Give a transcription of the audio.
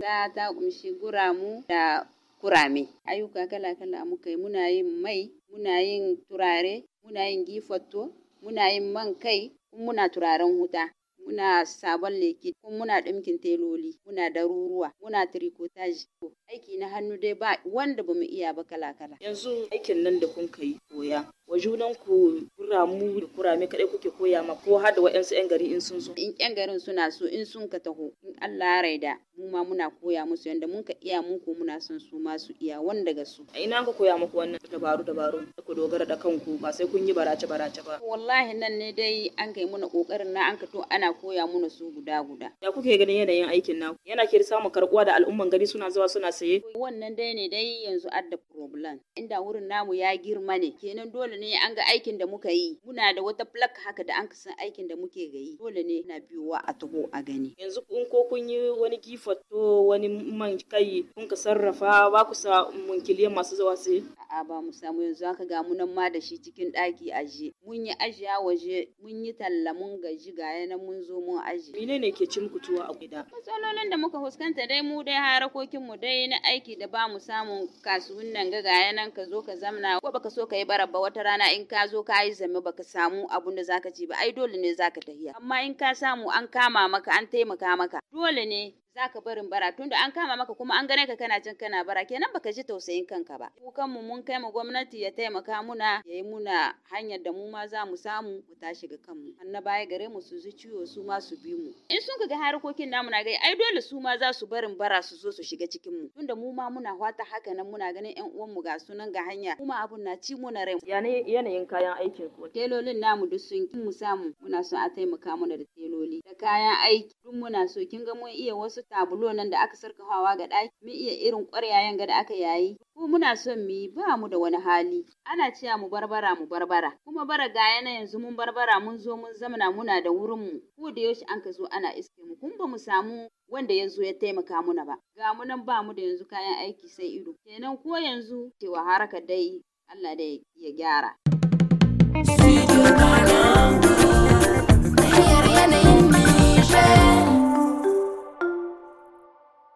ta ta kumshi guramu da kurame ayyuka kala-kala muka yi muna yin mai muna yin turare muna yin gifatto muna yin man kai kuma muna turaren huta muna sabon leke kuma muna ɗinkin teloli muna daruruwa muna Ko aiki na hannu dai ba wanda bamu iya ba kala-kala yanzu aikin nan da kun kai koya wa junan ku kuramu da kurame kadai kuke koya ma ko har da wa'yansu yan gari in sun zo in yan garin suna so in sun ka taho in Allah ya raida mu muna koya musu yadda mun ka iya mun ko muna son su ma su iya wani daga su a ina ka koya muku wannan dabaru dabaru ku dogara da kanku ba sai kun yi barace barace ba wallahi nan ne dai an kai muna kokarin na an ka to ana koya muna su guda guda ya kuke ganin yanayin aikin naku yana ke samun karkuwa da al'umman gari suna zuwa suna saye wannan dai ne dai yanzu adda problem inda wurin namu ya girma ne kenan dole ne an ga aikin da muka yi muna da wata plak haka da an ka san aikin da muke gayi dole ne na biyowa a taho a gani yanzu in ko kun yi wani gifa fatto wani man kai kun ka sarrafa ba ku sa mun masu zuwa sai a'a ba mu samu yanzu haka ga mu nan ma da shi cikin daki aje mun yi ajiya waje mun yi talla mun gaji ga yana mun zo mun aje menene ke cin kutuwa a gida matsalolin da muka fuskanta dai mu dai harakokin mu dai na aiki da ba mu samun kasuwannan ga ga yana ka zo ka zamna ko baka so ka yi barabba wata rana in ka zo ka yi zame baka samu abun da zaka ci ba ai dole ne zaka tafiya amma in ka samu an kama maka an taimaka maka dole ne Za ka barin bara tunda an kama maka kuma an gane ka kana jin kana bara kenan baka ji tausayin kanka ba Kukanmu mun kai mu gwamnati ya taimaka muna ya yi muna hanyar da mu ma za mu samu mu tashi ga kanmu na baya gare mu su zuci ciwo su ma su bi mu in sun ga harkokin namu na gai ai dole su ma za su barin bara su zo su shiga cikin mu tunda mu ma muna wata haka nan muna ganin yan uwan mu ga sunan ga hanya kuma abun na ci muna rai yanayin kayan aikin ku telolin namu duk sun mu samu muna son a taimaka muna da teloli da kayan aiki duk muna so kin ga mun iya wasu wasu tabulo nan da aka sarkafawa ga ɗaki mu iya irin ƙwaryayen ga da aka yayi ko muna son mu yi ba mu da wani hali ana cewa mu barbara mu barbara kuma bara ga na yanzu mun barbara mun zo mun zamana muna da wurin mu ko da yaushe an ka zo ana iske mu kun ba mu samu wanda ya ya taimaka muna ba ga mu nan ba mu da yanzu kayan aiki sai ido kenan ko yanzu cewa haraka dai Allah da ya gyara.